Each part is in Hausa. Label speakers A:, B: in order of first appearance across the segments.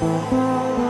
A: Thank you.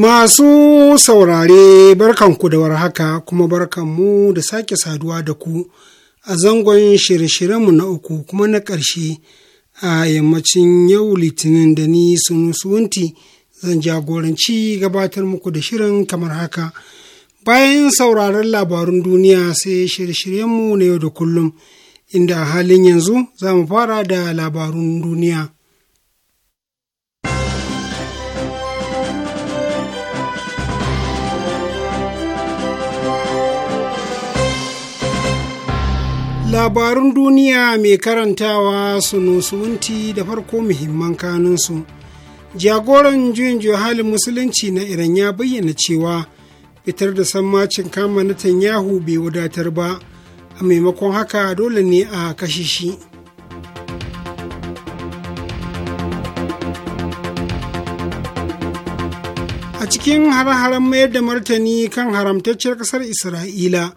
B: Masu saurare barkanku da haka kuma barkanmu da sake saduwa da ku a zangon shirye-shiryenmu na uku kuma na ƙarshe a yammacin yau litinin da ni sun sunusunti zan jagoranci gabatar muku da shirin kamar haka. Bayan sauraron labarun duniya sai shirye-shiryenmu na yau da kullum inda a halin yanzu za mu fara da labarun duniya. Labarun duniya mai karantawa su wunti da farko muhimman kanunsu. Jagoran juyin juhalin musulunci na Iran ya bayyana cewa fitar da sammacin kama na Tanyahu bai wadatar ba, a maimakon haka dole ne a kashe shi. A cikin hare-haren mayar da martani kan haramtaccen ƙasar Isra'ila.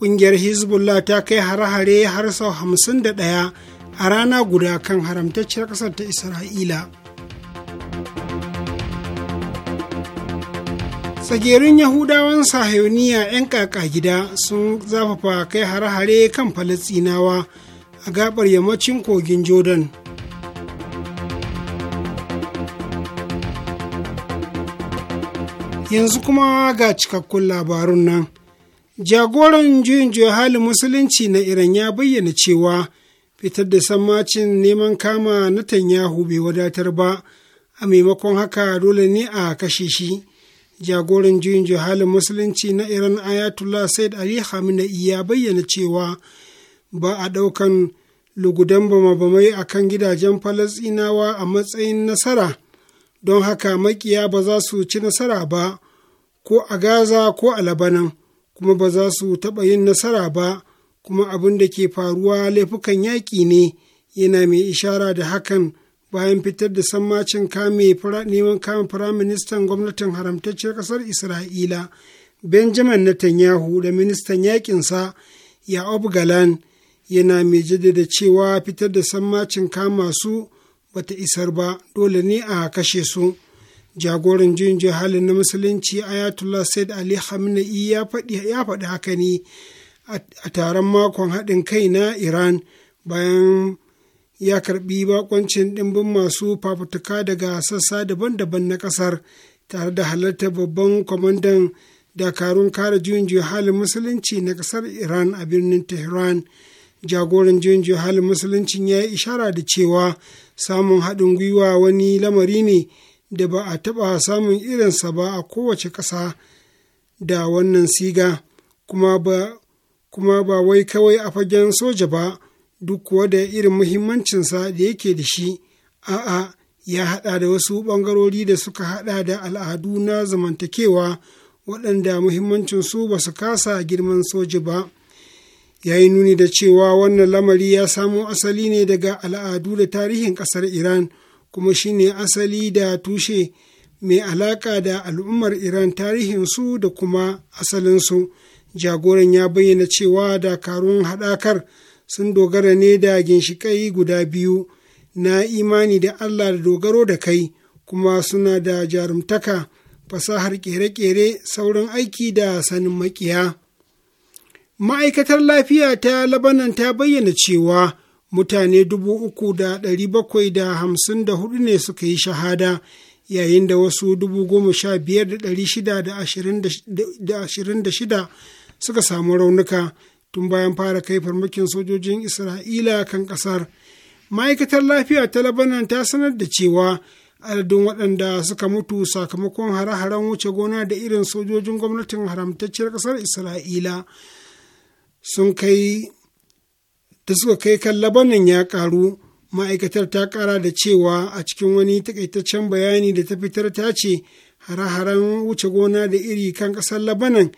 B: ƙungiyar hezbollah ta kai hare-hare har sau hamsin da ɗaya a rana guda kan haramtacciyar ƙasar ta isra'ila tsagerin yahudawan sahayoniya 'yan ƙaƙa gida sun zafafa kai hare-hare kan falastinawa a gabar yammacin kogin jordan yanzu kuma ga cikakkun labarun nan jagoran juyin juya halin musulunci na iran ya bayyana cewa fitar da sammacin neman kama na Tanyahu bai wadatar ba a maimakon haka dole ne a kashe shi jagoran juyin halin musulunci na iran ayatollah said ali khamenei ya bayyana cewa ba a ɗaukan lugudan bama-bamai a kan gidajen falasinawa a matsayin nasara don haka makiya ba za su ci nasara ba ko a gaza ko a labanan kuma ba za su taɓa yin nasara ba kuma abin da ke faruwa laifukan yaƙi ne yana mai ishara da hakan bayan fitar da sammacin kame neman kame firaministan gwamnatin haramtacciyar ƙasar isra'ila benjamin netanyahu da ministan yaƙinsa ya galan yana mai jaddada cewa fitar da sammacin kama su bata isar ba dole ne a kashe su. jagoran juyin halin na musulunci ayatollah said ali hamnai ya faɗi haka ne a taron makon haɗin kai na iran bayan ya karɓi bakoncin ɗimbin masu fafutuka daga sassa daban-daban na ƙasar tare da halartar babban kwamandan dakarun kare juyin halin musulunci na ƙasar iran a birnin tehran jagoran juyin halin musulunci ya yi ishara da cewa samun haɗin gwiwa wani lamari ne da ba a taɓa samun irinsa ba a kowace ƙasa da wannan siga kuma ba kuma ba wai kawai a fagen soja ba duk kuwa da irin muhimmancinsa da yake da shi a'a ya haɗa da wasu ɓangarori da suka haɗa da al'adu na zamantakewa waɗanda muhimmancinsu ba su kasa girman soja ba ya yi nuni da cewa wannan lamari ya samo asali ne daga al'adu da tarihin ƙasar iran kuma shi ne asali da tushe mai alaƙa da al'ummar Iran tarihinsu da kuma asalinsu. Jagoran ya bayyana cewa dakarun haɗakar sun dogara ne da ginshiƙai guda biyu na imani da Allah da dogaro da kai, kuma suna da jarumtaka, fasahar ƙere-ƙere, sauran aiki da sanin maƙiya. Ma'aikatar lafiya ta Labanan ta bayyana cewa. mutane dubu uku da dari bakwai da hamsin da hudu ne suka yi shahada yayin da wasu dubu goma sha biyar da dari shida da ashirin da shida suka samu raunuka tun bayan fara kai farmakin sojojin isra'ila kan ƙasar ma'aikatar lafiya ta labanan ta sanar da cewa adadin waɗanda suka mutu sakamakon hare-haren wuce gona da irin sojojin gwamnatin haramtacciyar ƙasar isra'ila sun kai da suka kai kan labanan ya karu ma'aikatar ta kara da cewa a cikin wani takaitaccen bayani da ta fitar ta ce hare-haren wuce gona da iri kan kasar labanan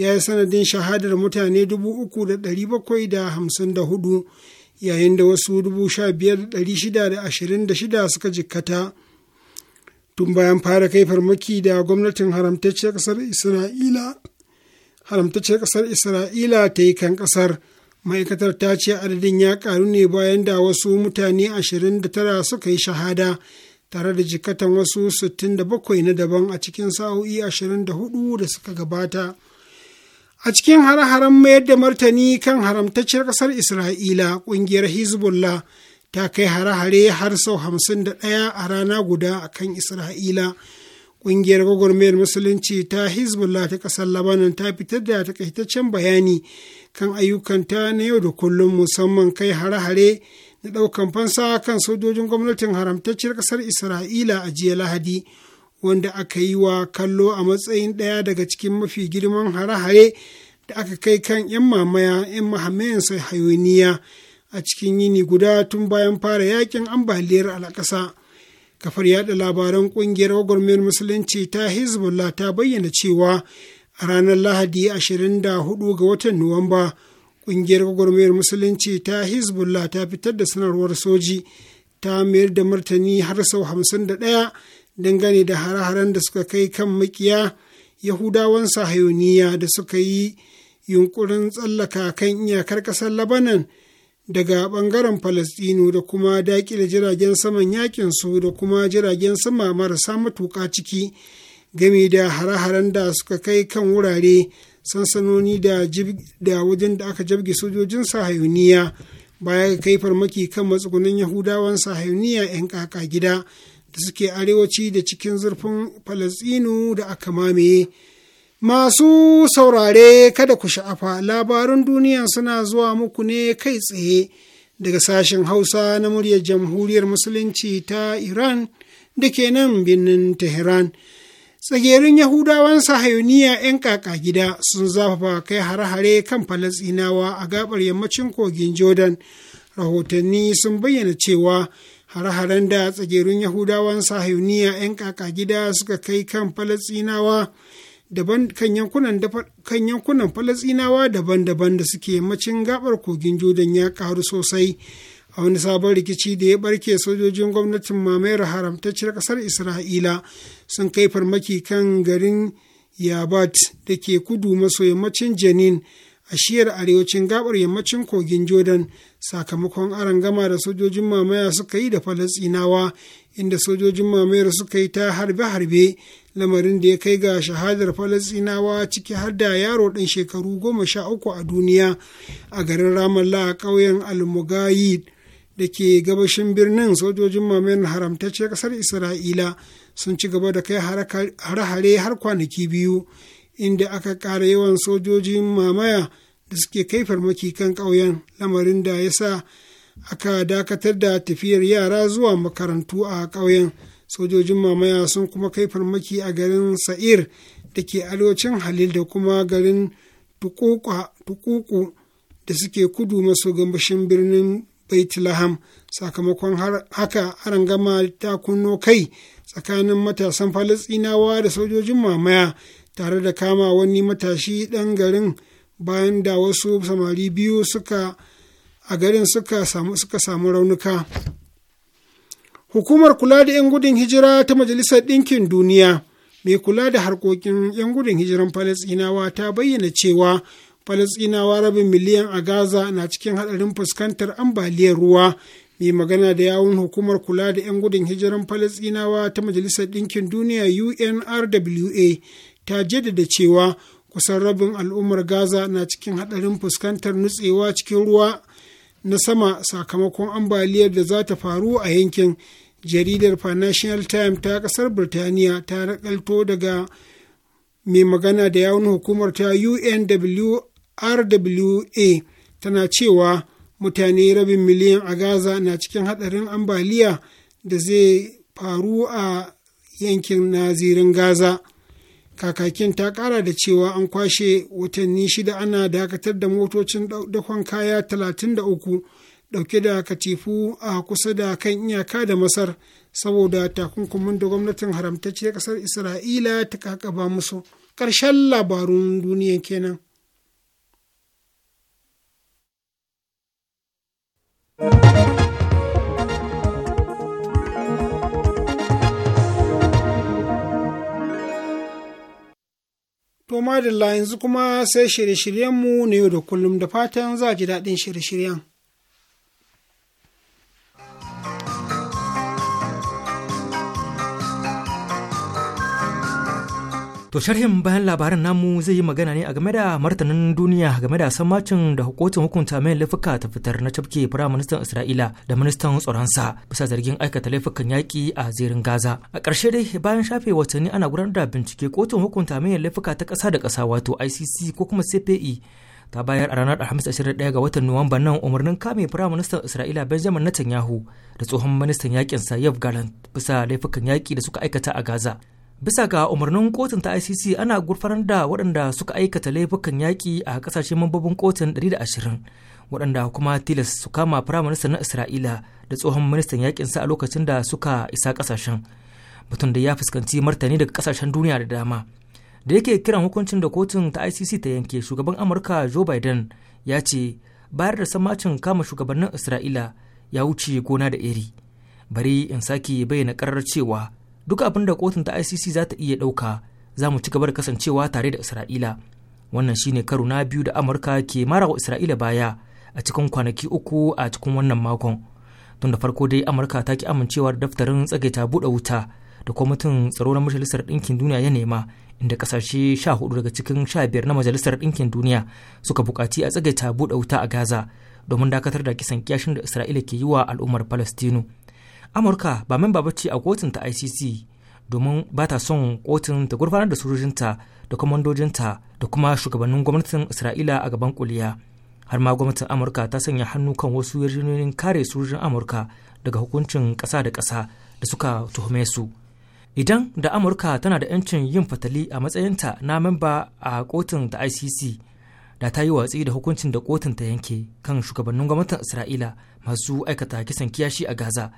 B: ya yi sanadin shahadar mutane 3,754 yayin da wasu 15,626 suka jikkata tun bayan fara kai farmaki da gwamnatin haramtacciyar kasar isra'ila ƙasar isra'ila ta yi kan kasar. ma'aikatar ta ce adadin ya karu ne bayan da wasu mutane 29 suka yi shahada tare da jikatan wasu 67 na daban a cikin sa'o'i 24 da suka gabata a cikin har haren mayar da martani kan haramtaccen ƙasar isra'ila ƙungiyar hezbollah ta kai hare-hare har sau 51 a rana guda a kan isra'ila ƙungiyar gwagwarmayar musulunci ta hezbollah ta ƙasar labanan ta fitar da takaitaccen bayani kan ayyukanta na yau da kullum musamman kai hare-hare na ɗaukan fansa kan sojojin gwamnatin haramtacciyar ƙasar isra'ila a jiya lahadi wanda aka yi wa kallo a matsayin ɗaya daga cikin mafi girman hare-hare da aka kai kan 'yan mamaya 'yan mahamayan sai hayoniya a cikin yini guda tun bayan fara yakin ambaliyar alakasa kafar yada labaran ƙungiyar gwagwarmayar musulunci ta hezbollah ta bayyana cewa a ranar lahadi 24 ga watan nuwamba ƙungiyar gwagwarmayar musulunci ta hezbollah ta fitar da sanarwar soji ta mayar da martani har sau 51 dangane da hare-haren da suka kai kan makiya yahudawan sahayoniya da suka yi yunkurin tsallaka kan iyakar ƙasar labanan daga ɓangaren falastinu da kuma daƙile jiragen saman yakin su da kuma jiragen sama marasa matuƙa ciki gami da hare-haren da suka kai kan wurare sansanoni da wajen da aka jabge sojojin sahayuniya baya ga kai farmaki kan matsugunan yahudawan sahayuniya 'yan kaka gida da suke arewaci da cikin zurfin falasinu da aka mamaye masu saurare kada ku sha'afa labarin duniya suna zuwa muku ne kai tsaye daga sashen hausa na muryar jamhuriyar musulunci ta iran da ke nan birnin tehran tsagerin yahudawan sahayoniya 'yan kaka gida sun zafafa kai hare-hare kan falasinawa a gabar yammacin kogin jordan rahotanni sun bayyana cewa hare-haren da tsagerun yahudawan sahayoniya 'yan kaka gida suka kai kan falasinawa kan yankunan falasinawa daban-daban da suke yammacin gabar kogin jordan ya karu sosai a wani sabon rikici da ya barke sojojin gwamnatin mamayar haramtacciyar kasar isra'ila sun kai farmaki kan garin yabat da ke kudu maso yammacin janin a shiyar arewacin gabar yammacin kogin jordan sakamakon aron gama da sojojin mamaya suka yi da falastinawa inda sojojin mamayar suka yi ta harbe-harbe lamarin da ya kai ga shahadar falastinawa ciki har da yaro ɗan shekaru goma sha uku a duniya a garin ramallah a ƙauyen almugayid da ke gabashin birnin sojojin mamayar haramtacce kasar isra'ila sun ci gaba da kai hare-hare har kwanaki biyu inda aka ƙara yawan sojojin mamaya da suke kai farmaki kan ƙauyen lamarin da ya sa aka dakatar da tafiyar yara zuwa makarantu a ƙauyen sojojin mamaya sun kuma kai farmaki a garin sa'ir da ke arewacin halil da kuma garin tukuku da suke kudu maso gabashin birnin Baitlaham sakamakon haka gama ta kunno kai tsakanin matasan Falasɗinawa da sojojin mamaya tare da kama wani matashi ɗan garin bayan da wasu samari biyu suka a garin suka samu suka samu raunuka. Hukumar kula da 'yan gudun hijira ta Majalisar Ɗinkin Duniya mai kula da harkokin 'yan gudun hijiran Falasɗinawa ta bayyana cewa falasinawa rabin miliyan a gaza na cikin haɗarin fuskantar ambaliyar ruwa mai magana da yawun hukumar kula da 'yan gudun hijiran falasinawa ta majalisar ɗinkin duniya unrwa ta jaddada cewa kusan rabin al'ummar gaza na cikin haɗarin fuskantar nutsewa cikin ruwa na sama sakamakon ambaliyar da za ta faru a yankin jaridar financial times ta ƙasar birtaniya ta rakalto daga mai magana da yawun hukumar ta unw. rwa tana cewa mutane rabin miliyan a gaza na cikin hadarin ambaliya da zai faru a yankin nazirin gaza kakakin ta kara da cewa an kwashe watanni shida ana dakatar da motocin dakon kaya 33 dauke da katifu a kusa da kan iyaka da masar saboda takunkumin da gwamnatin haramtacce kasar isra'ila ta kakaba musu karshen labarun duniya kenan To da yanzu kuma sai shirye-shiryenmu na yau da kullum da fatan za ji daɗin shirye-shiryen.
C: To sharhin bayan labaran namu zai yi magana ne a game da martanin duniya game da sammacin da hukuncin hukunta mai laifuka ta fitar na cafke ministan Isra'ila da ministan tsaronsa bisa zargin aikata laifukan yaƙi a zirin Gaza. A karshe dai bayan shafe watanni ana gudanar da bincike kotun hukunta mai laifuka ta kasa da kasa wato ICC ko kuma CPE ta bayar a ranar Alhamis 21 ga watan Nuwamba nan umarnin kame Firaministan Isra'ila Benjamin Netanyahu da tsohon ministan yakin sa Yev Gallant bisa laifukan yaƙi da suka aikata a Gaza. bisa ga umarnin kotun ta icc ana gurfanar da waɗanda suka aikata laifukan yaƙi a ƙasashen mambobin kotun 120 waɗanda kuma tilas su kama firaministan na isra'ila da tsohon ministan yaƙinsa a lokacin da suka isa ƙasashen mutum da ya fuskanci martani daga ƙasashen duniya da dama da yake kiran hukuncin da kotun ta icc ta yanke shugaban amurka joe biden ya ce bayar da samacin kama shugabannin isra'ila ya wuce gona da iri bari in sake bayyana karar cewa duk abin da kotun ta ICC za ta iya ɗauka za mu ci gaba da kasancewa tare da Isra'ila. Wannan shine karo na biyu da Amurka ke mara wa Isra'ila baya a cikin kwanaki uku a cikin wannan makon. Tun da farko dai Amurka ta ki amincewa da daftarin tsagaita buɗe wuta da kwamitin tsaro na Majalisar Ɗinkin Duniya ya nema inda kasashe hudu daga cikin biyar na Majalisar Ɗinkin Duniya suka bukaci a tsagaita buɗe wuta a Gaza domin dakatar da kisan kiyashin da Isra'ila ke yi wa al'ummar Falastinu. amurka ba memba bace a kotun ta icc domin ba ta son kotun ta gurfanar da sojojinta da kwamandojinta da kuma shugabannin gwamnatin isra'ila a gaban kuliya har ma gwamnatin amurka ta sanya hannu kan wasu yarjejeniyoyin kare sojojin amurka daga hukuncin kasa da kasa da suka tuhume su idan da amurka tana da 'yancin yin fatali a matsayinta na memba a kotun ta icc da ta yi watsi da hukuncin da kotun ta yanke kan shugabannin gwamnatin isra'ila masu aikata kisan kiyashi a gaza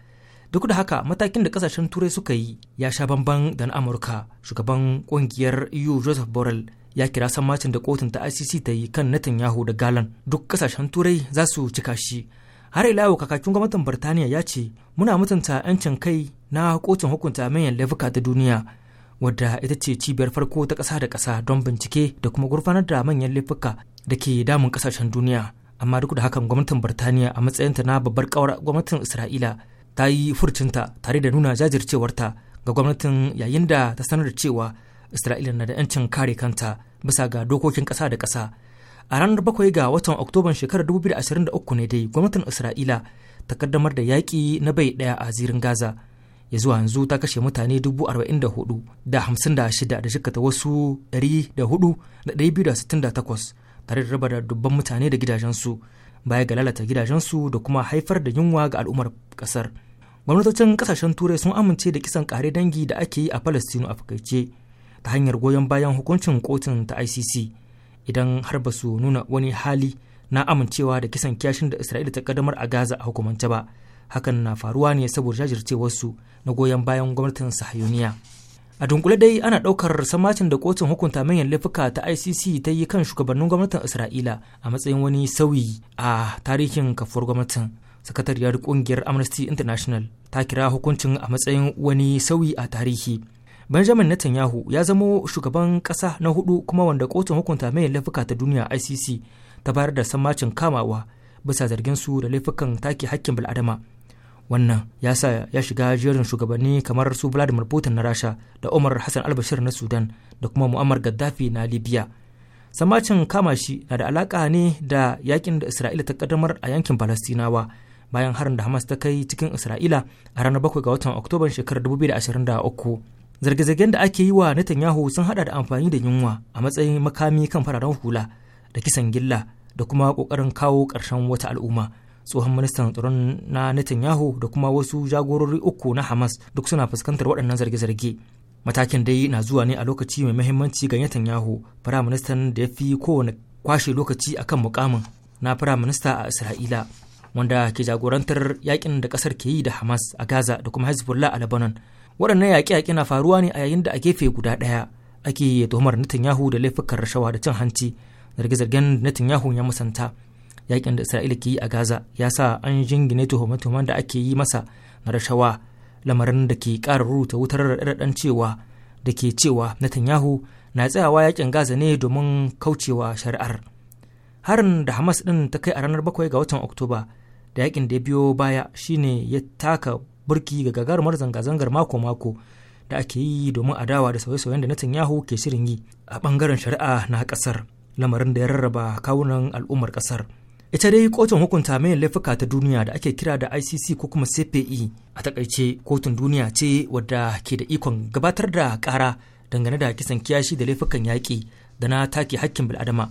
C: duk da haka matakin da kasashen turai suka yi ya sha bamban da na amurka shugaban kungiyar eu joseph borrell ya kira sammacin da kotun ta icc ta yi kan netanyahu da galan duk kasashen turai za su cika shi har ila yau kakakin gwamnatin birtaniya ya ce muna mutunta 'yancin kai na kotun hukunta manyan laifuka ta duniya wadda ita ce cibiyar farko ta kasa da kasa don bincike da kuma gurfanar da manyan laifuka da ke damun kasashen duniya amma duk da hakan gwamnatin birtaniya a matsayinta na babbar kawar gwamnatin isra'ila ta yi furcinta tare da nuna jajircewarta ga gwamnatin yayin da ta sanar da cewa isra'ila na da 'yancin kare kanta bisa ga dokokin ƙasa da ƙasa a ranar bakwai ga watan oktoban shekarar 2023 ne dai gwamnatin isra'ila ta kaddamar da yaƙi na bai ɗaya a zirin gaza ya zuwa yanzu ta kashe mutane 44,056 da 56 da jikata wasu 104,268 tare da raba dubban mutane da gidajensu baya ga lalata gidajensu da kuma haifar da yunwa ga al'ummar kasar gwamnatocin kasashen turai sun amince da kisan kare dangi da ake yi a palestino a fakaice ta hanyar goyon bayan hukuncin kotun ta icc idan har ba su nuna wani hali na amincewa da kisan kyashin da isra'ila ta kaddamar a gaza a hukumance ba hakan na faruwa ne saboda jajircewarsu na goyon bayan gwamnatin sahayuniya a dunkule dai ana ɗaukar samacin da kotun hukunta manyan laifuka ta icc ta yi kan shugabannin gwamnatin isra'ila a matsayin wani sauyi a tarihin kafuwar gwamnatin sakatariyar kungiyar amnesty international ta kira hukuncin a matsayin wani sauyi a tarihi benjamin netanyahu ya zamo shugaban ƙasa na hudu kuma wanda kotun hukunta manyan laifuka ta duniya icc ta bayar da samacin kamawa bisa zargin su da laifukan take hakkin bil'adama wannan ya sa ya shiga jerin shugabanni kamar su vladimir putin na rasha da umar hassan albashir na sudan da kuma muammar gaddafi na libya samacin kama shi na da alaka ne da yakin da isra'ila ta kaddamar a yankin palestinawa bayan harin da hamas ta kai cikin isra'ila a ranar 7 ga watan oktoban shekarar 2023 zarge-zargen da ake yi wa Netanyahu sun hada da amfani da yunwa a matsayin makami kan fararen hula da kisan gilla da kuma kokarin kawo ƙarshen wata al'umma tsohon ministan tsaron na netanyahu da kuma wasu jagorori uku na hamas duk suna fuskantar waɗannan zarge-zarge matakin dai na zuwa ne a lokaci mai mahimmanci ga netanyahu firaministan da ya fi kowane kwashe lokaci a kan mukamin na firaminista a isra'ila wanda ke jagorantar yakin da ƙasar ke yi da hamas a gaza da kuma hezbollah a lebanon waɗannan yaƙe-yaƙe na faruwa ne a yayin da a gefe guda ɗaya ake tuhumar netanyahu da laifukan rashawa da cin hanci zarge-zargen netanyahu ya musanta yakin da isra'ila ke yi a gaza ya sa an jingine tuhume-tuhumen da ake yi masa na rashawa lamarin da ke ƙara rubuta wutar raɗaɗan cewa da ke cewa netanyahu na tsayawa yakin gaza ne domin kaucewa shari'ar harin da hamas ɗin ta kai a ranar bakwai ga watan oktoba da yakin da ya biyo baya shine ya taka burki ga gagarumar zanga-zangar mako-mako da ake yi domin adawa da sauye-sauyen da netanyahu ke shirin yi a ɓangaren shari'a na ƙasar lamarin da ya rarraba kawunan al'ummar ƙasar. ita dai kotun hukunta mai laifuka ta duniya da ake kira da icc ko kuma cpe a takaice kotun duniya ce wadda ke da ikon gabatar da kara dangane da kisan kiyashi da laifukan yaƙi da na take hakkin bil'adama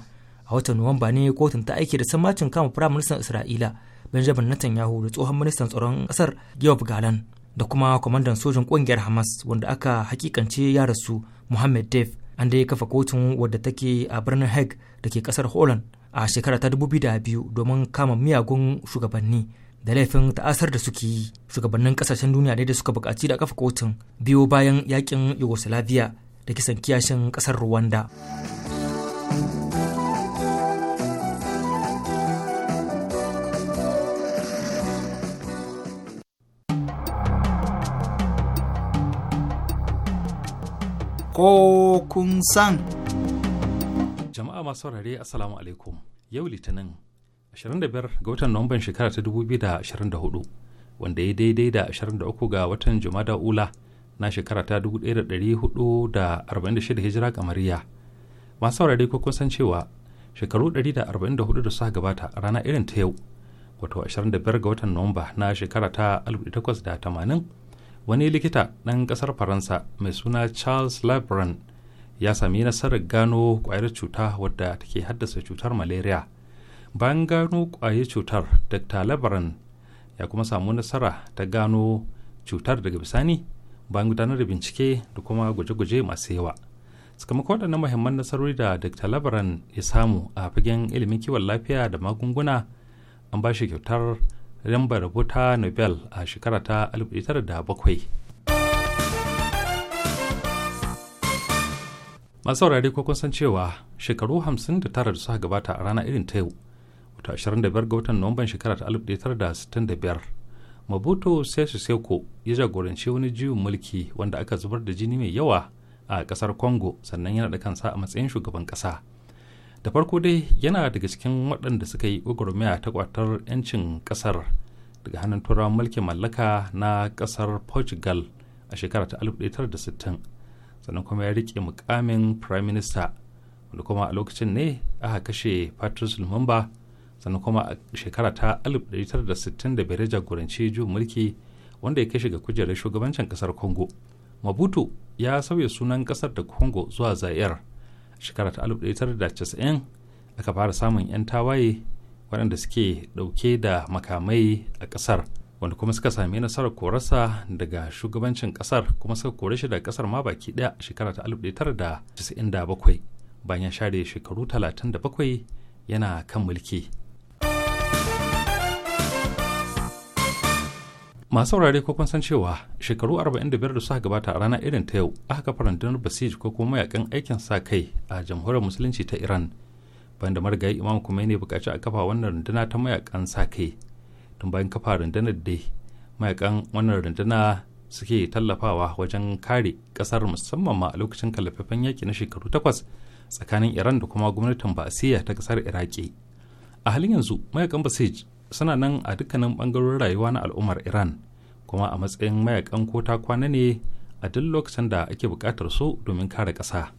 C: a watan nuwamba ne kotun ta aiki da sammacin kama firayim ministan isra'ila benjamin netanyahu da tsohon ministan tsaron ƙasar yob galan da kuma kwamandan sojan ƙungiyar hamas wanda aka hakikance ya rasu muhammed dev an dai kafa kotun wadda take a birnin hague da ke ƙasar holland a shekara ta 2002 domin kama miyagun shugabanni da laifin ta'asar da suke yi shugabannin kasashen duniya da suka buƙaci da kafa kotun biyo bayan yakin yugoslavia da kisan kiyashin ƙasar rwanda ko kun san
D: jama'a masu saurare assalamu alaikum yau litinin 25 ga watan nuwamban shekara ta 2024 wanda ya daidai da 23 ga watan jumada ula na shekara ta 1446 hijira kamariya masu saurare ko kun san cewa shekaru 144 da suka gabata rana irin ta yau wato 25 ga watan nuwamba na shekara ta 1880 wani likita ɗan ƙasar faransa mai suna charles labran ya sami nasarar gano kwayar cuta wadda take haddasa cutar malaria bayan gano kwaye cutar dr labaran ya kuma samu nasara ta gano cutar daga bisani bayan gudanar da bincike da kuma guje-guje masu yawa sakamakon waɗannan muhimman nasarori da dr labaran ya samu a fagen ilimin kiwon lafiya da magunguna an ba shi kyautar rambar rubuta nobel a shekara ta 1907 masu saurare ko kun san cewa shekaru 59 da suka gabata a rana irin ta yau wato 25 ga watan nuwamban shekara ta 1965 mabuto sese seko ya jagoranci wani jiwon mulki wanda aka zubar da jini mai yawa a kasar congo sannan yana da kansa a matsayin shugaban kasa da farko dai yana daga cikin waɗanda suka yi gwagwarmaya ta kwatar 'yancin kasar daga hannun turawan mulkin mallaka na kasar portugal a shekara ta 1960 sannan kuma ya rike mukamin prime minister wanda kuma a lokacin ne aka kashe patrice lumumba sannan kuma a shekara ta 1965 jagoranci juyin mulki wanda ya kashe ga kujerar shugabancin kasar congo mabutu ya sauya sunan kasar da congo zuwa zaire shekara ta 1990 aka fara samun 'yan tawaye waɗanda suke ɗauke da makamai a ƙasar wanda kuma suka sami nasarar korarsa daga shugabancin kasar kuma suka kore shi daga kasar ma baki daya shekara ta 1997 bayan share shekaru 37 yana kan mulki masu saurare ko kun san cewa shekaru 45 da suka gabata a rana irin ta yau aka kafa rundunar basij ko kuma mayakan aikin sa kai a jamhuriyar musulunci ta iran banda marigayi imam kuma ne bukaci a kafa wannan runduna ta mayakan sa kai tun bayan kafa rundunar dai mayakan wannan runduna suke tallafawa wajen kare kasar musamman ma a lokacin kalafafen yaki na shekaru takwas tsakanin iran da kuma gwamnatin ba'asiyya ta kasar iraki a halin yanzu mayakan basij suna nan a dukkanin bangarorin rayuwa na al'ummar iran kuma a matsayin mayakan ko ta kwana ne a duk lokacin da ake bukatar su domin kare kasa.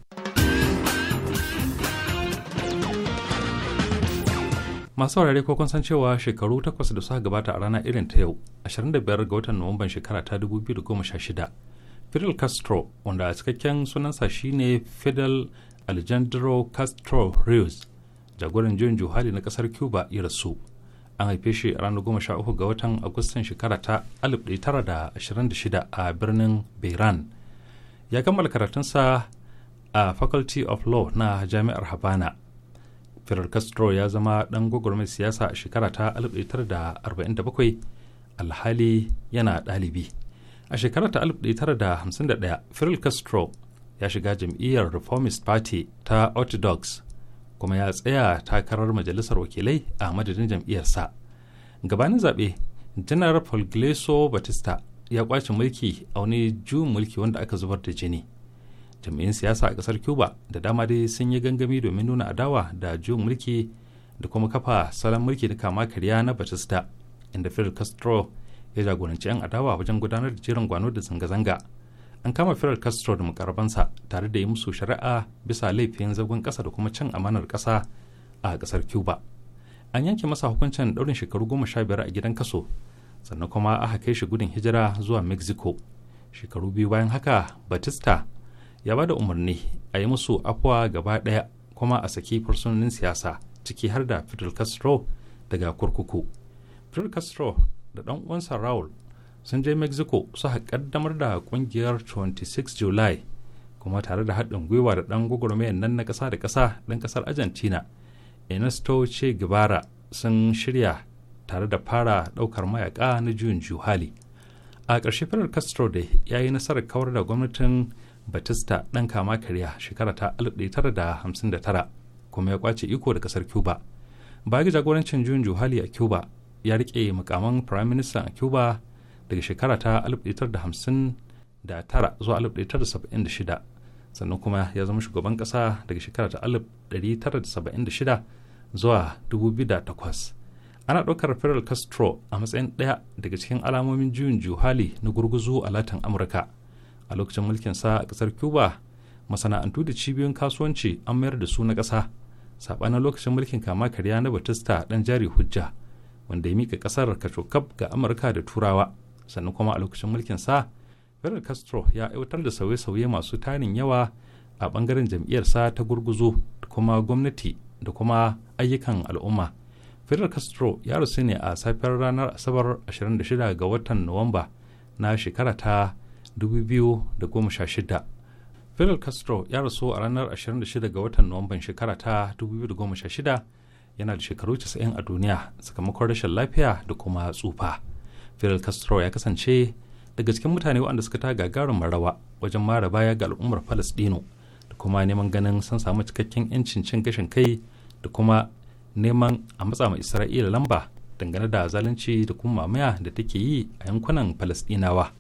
D: masu saurare ko kun san cewa shekaru takwas da suka gabata a rana irin ta yau 25 ga watan nuwamban shekara ta 2016 fidel castro wanda a cikakken sunansa shine fidel alejandro castro rios jagoran juyin juhali na kasar cuba ya rasu an haife shi a ranar 13 ga watan agustan shekara ta 1926 a birnin Beiran ya kammala karatunsa a faculty of law na jami'ar habana Fidel Castro ya zama ɗan gwagwarmar siyasa a shekara ta 1947 alhali yana ɗalibi. A shekara ta 1951 Fidel Castro ya shiga jam'iyyar Reformist Party ta Orthodox kuma ya tsaya takarar majalisar wakilai a madadin jam'iyyarsa. Gabanin zaɓe, Paul Gleso Batista ya kwace mulki a wani juyin mulki wanda aka zubar da jini. jami'in siyasa a kasar cuba da dama dai sun yi gangami domin nuna adawa da juyin mulki da kuma kafa salon mulki na kama karya na batista inda fidel castro ya jagoranci 'yan adawa wajen gudanar da jiran gwano da zanga-zanga an kama fidel castro da makarabansa tare da yi musu shari'a bisa laifin zagon kasa da kuma cin amanar kasa a kasar cuba an yanke masa hukuncin daurin shekaru goma sha biyar a gidan kaso sannan kuma aka kai shi gudun hijira zuwa mexico shekaru biyu bayan haka batista ya ba da umarni a yi musu afuwa gaba ɗaya kuma a saki fursunonin siyasa ciki har da fidel castro daga kurkuku fidel castro da ɗan uwansa raul sun je mexico su haƙaddamar da ƙungiyar 26 july kuma tare da haɗin gwiwa da ɗan gwagwarmayar nan na ƙasa da ƙasa ɗan ƙasar argentina ernesto che guevara sun shirya tare da fara ɗaukar mayaƙa na juyin juhali a ƙarshe fidel castro da ya yi nasarar kawar da gwamnatin batista ɗan kama karya shekara ta 1959 kuma ya kwace iko da ƙasar cuba baya ga jagorancin juyin juhali a cuba ya rike mukamman prime minister a cuba daga shekara ta 1959 zuwa 1976 sannan kuma ya zama shugaban ƙasa daga shekara ta 1976 zuwa 2008 ana ɗaukar fidel castro a matsayin ɗaya daga cikin alamomin juyin juhali na gurguzu a latin amurka a lokacin mulkin sa a kasar cuba masana'antu da cibiyoyin kasuwanci an mayar da su na ƙasa saɓanin lokacin mulkin kama karya na batista ɗan jari hujja wanda ya mika ƙasar kacokab ga amurka da turawa sannan kuma a lokacin mulkin sa fidel castro ya aiwatar da sauye-sauye masu tarin yawa a ɓangaren jam'iyyarsa ta gurguzo da kuma gwamnati da kuma ayyukan al'umma fidel castro ya rasu ne a safiyar ranar asabar 26 ga watan nuwamba na shekara ta 2016 fidel castro ya rasu a ranar 26 ga watan nuwamban shekara ta 2016 yana da shekaru 90 a duniya sakamakon rashin lafiya da kuma tsufa fidel castro ya kasance daga cikin mutane waɗanda suka ta gagarin Marawa wajen mara baya ga al'ummar palestino da kuma neman ganin sun samu cikakken 'yancin cin gashin kai da kuma neman a matsa ma isra'ila lamba dangane da zalunci da kuma mamaya da take yi a yankunan palestinawa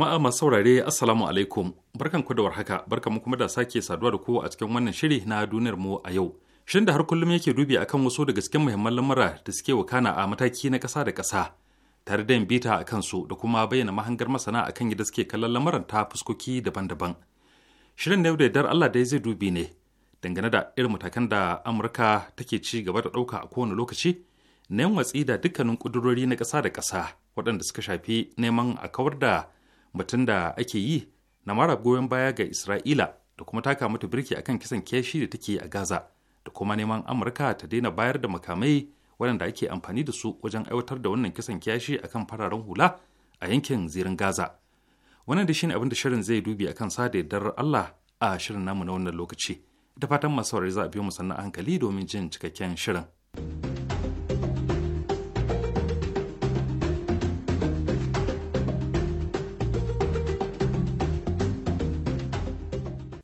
D: Jama'a masu saurare Assalamu alaikum barkan ku da warhaka barkan kuma da sake saduwa da ku a cikin wannan shiri na duniyar mu a yau. Shirin da har kullum yake dubi akan wasu daga cikin muhimman lamura da suke wakana a mataki na ƙasa da ƙasa tare da yin bita a kansu da kuma bayyana mahangar masana akan yadda suke kallon lamuran ta fuskoki daban-daban. Shirin na yau da yardar Allah dai zai dubi ne dangane da irin matakan da Amurka take ci gaba da ɗauka a kowane lokaci na yin watsi da dukkanin ƙudurori na ƙasa da ƙasa waɗanda suka shafi neman a kawar da batun da ake yi na mara goyon baya ga isra'ila da kuma taka mata birki akan kisan keshi da take a gaza da kuma neman amurka ta daina bayar da makamai waɗanda ake amfani da su wajen aiwatar da wannan kisan kyashi akan fararen hula a yankin zirin gaza wannan da shine abinda da shirin zai dubi akan sa da yardar allah a shirin namu na wannan lokaci da fatan masu za a biyo mu sannan hankali domin jin cikakken shirin.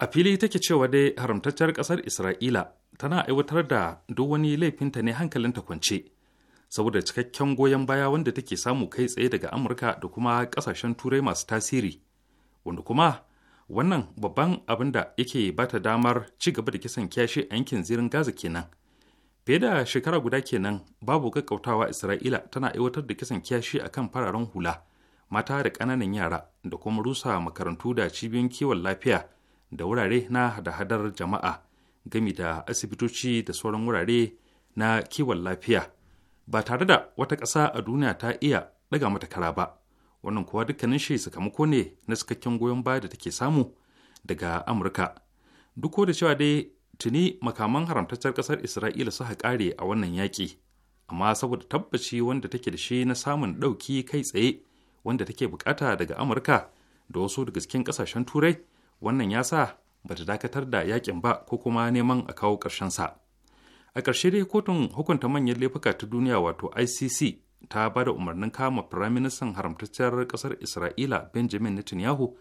D: a fili take cewa dai haramtacciyar ƙasar isra'ila tana aiwatar da duk wani laifinta ne ta kwance saboda cikakken goyon baya wanda take samu kai tsaye daga amurka da kuma ƙasashen turai masu tasiri wanda kuma wannan babban abin da yake ta damar ci gaba da kisan kyashi a yankin zirin gaza kenan fiye da shekara guda kenan babu gaggautawa isra'ila tana aiwatar da kisan kiyashi a kan fararen hula mata da ƙananan yara da kuma rusa makarantu da cibiyoyin kiwon lafiya da wurare na hada-hadar jama'a gami da asibitoci da sauran wurare na kiwon lafiya ba tare da wata ƙasa a duniya ta iya ɗaga mata kara ba wannan kuwa dukkanin shi sakamako ne na cikakken goyon baya da take samu daga amurka duk da cewa dai tuni makaman haramtaccen ƙasar isra'ila suka ƙare a wannan yaƙi amma saboda tabbaci wanda take da shi na samun ɗauki kai tsaye wanda take bukata daga amurka da wasu daga cikin ƙasashen turai wannan ya sa ba ta dakatar da yakin ba ko kuma neman a kawo sa a ƙarshe dai kotun hukunta manyan laifuka ta duniya wato icc ta ba da umarnin kama firaministan haramtacciyar ƙasar isra'ila benjamin netanyahu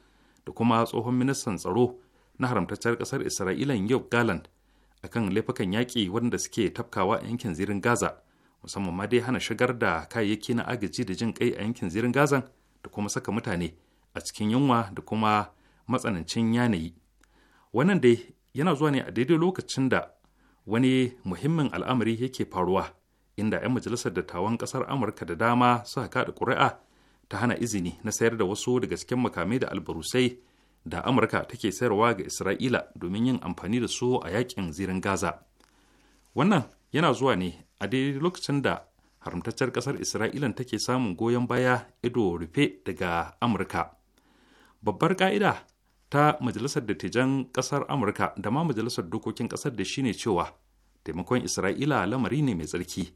D: da kuma tsohon ministan tsaro na haramtacciyar ƙasar isra'ila yob a kan laifukan yaƙi waɗanda suke tafkawa a yankin zirin gaza musamman ma dai hana shigar da kayayyaki na agaji da jin kai a yankin zirin gazan da kuma saka mutane a cikin yunwa da kuma matsanancin yanayi wannan dai yana zuwa ne a daidai lokacin da wani muhimmin al'amari yake faruwa inda 'yan majalisar dattawan ƙasar amurka da dama suka kaɗa ƙuri'a ta hana izini na sayar da wasu daga cikin makamai da albarusai da amurka take sayarwa ga isra'ila domin yin amfani da su a yakin zirin gaza wannan yana zuwa ne a daidai lokacin da haramtaccen ƙasar isra'ilan take samun goyon baya ido rufe daga amurka babbar ƙa'ida ta majalisar dattijan ƙasar amurka da ma majalisar dokokin ƙasar da shine cewa taimakon isra'ila lamari ne mai tsarki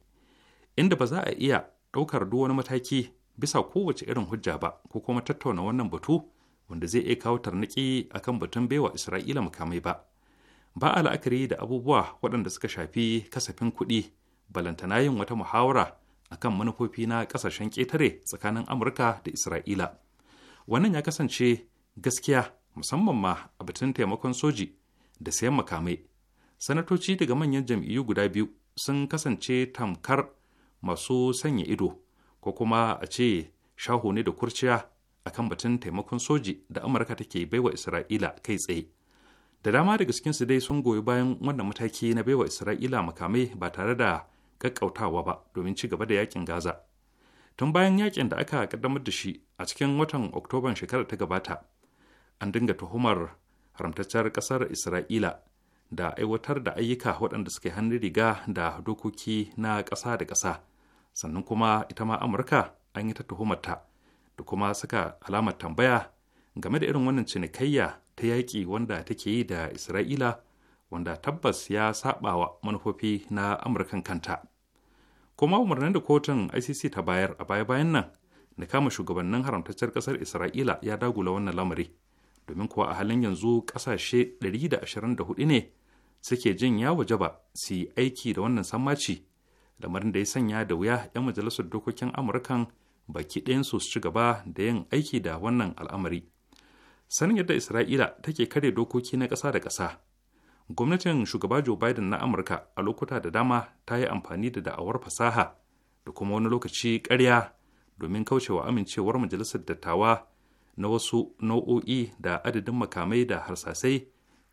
D: inda ba za a iya ɗaukar duk wani mataki bisa kowace irin hujja ba ko kuma tattauna wannan batu wanda zai iya kawo tarniki akan batun baiwa isra'ila makamai ba ba a la'akari da abubuwa waɗanda suka shafi kasafin kuɗi balantana yin wata muhawara akan manufofi na ƙasashen ƙetare tsakanin amurka da isra'ila wannan ya kasance gaskiya musamman ma a batun taimakon soji da sayan makamai sanatoci daga manyan jam'iyyu guda biyu sun kasance tamkar masu sanya ido ko kuma a ce shaho ne da kurciya a kan batun taimakon soji da amurka take baiwa isra'ila kai tsaye da dama daga cikinsu dai sun goyi bayan wannan mataki na baiwa isra'ila makamai ba tare da kakkautawa ba domin ci gaba da yakin gaza tun bayan yakin da aka kaddamar da shi a cikin watan oktoban shekarar ta gabata an dinga tuhumar haramtacciyar ƙasar isra'ila da aiwatar da ayyuka waɗanda suke hannun riga da dokoki na ƙasa da ƙasa sannan kuma ita ma amurka an yi ta tuhumarta da kuma suka alamar tambaya game da irin wannan cinikayya ta yaƙi wanda take yi da isra'ila wanda tabbas ya saba wa manufofi na amurkan kanta kuma umarnin da kotun icc ta bayar a baya-bayan nan na kama shugabannin haramtaccen ƙasar isra'ila ya dagula wannan lamari domin kuwa a halin yanzu kasashe 124 ne suke jin ya waje ba su yi aiki da wannan sammaci lamarin da ya sanya da wuya 'yan majalisar dokokin amurkan baki ɗayansu su ci gaba da yin aiki da wannan al'amari sanin yadda isra'ila take kare dokoki na ƙasa da ƙasa gwamnatin shugaba joe biden na amurka a lokuta da dama ta yi amfani da da'awar fasaha da kuma wani lokaci ƙarya domin kaucewa amincewar majalisar dattawa na wasu nau'o'i da adadin makamai da harsasai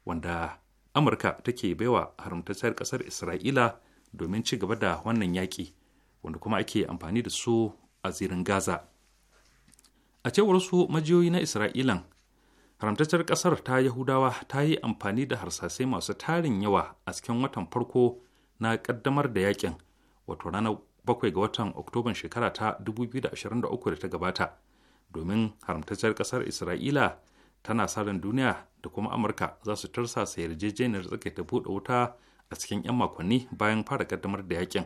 D: wanda amurka take baiwa haramtacciyar kasar isra'ila domin ci gaba da wannan yaƙi wanda kuma ake amfani da su a zirin gaza a cewar su majiyoyi na isra'ilan haramtacciyar kasar ta yahudawa ta yi amfani da harsasai masu tarin yawa a cikin watan farko na kaddamar da yakin wato ranar bakwai ga watan oktoban shekara ta 2023 da ta gabata domin haramtacciyar kasar isra'ila tana sarin duniya da kuma amurka za su tursasa yarjejeniyar ta buɗe wuta a cikin 'yan makonni bayan fara kaddamar da yakin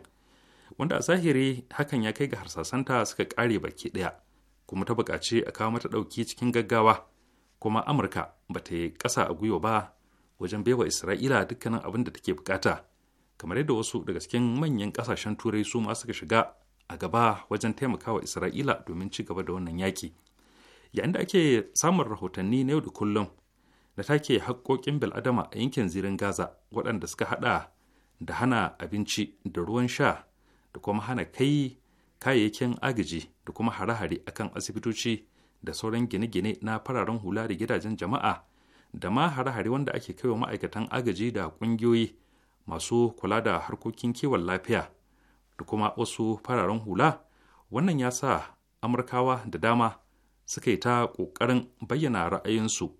D: wanda a zahiri hakan ya kai ga harsasanta suka kare baki ɗaya kuma ta buƙaci a kawo mata ɗauki cikin gaggawa kuma amurka ba ta yi ƙasa a gwiwa ba wajen baiwa isra'ila dukkanin abin da take bukata kamar yadda wasu daga cikin manyan ƙasashen turai su ma suka shiga a gaba wajen taimakawa isra'ila domin ci gaba da wannan yaƙi yayin da ake samun rahotanni na yau da kullum da take haƙƙoƙin bil'adama a yankin zirin gaza waɗanda suka haɗa da hana abinci da ruwan sha da kuma hana kai kayayyakin agaji da kuma hare-hare akan asibitoci da sauran gine-gine na fararen hula da gidajen jama'a da ma hare-hare wanda ake kaiwa ma'aikatan agaji da ƙungiyoyi masu kula da harkokin kiwon lafiya da kuma wasu fararen hula wannan ya sa amurkawa da dama suka yi ta ƙoƙarin bayyana ra'ayinsu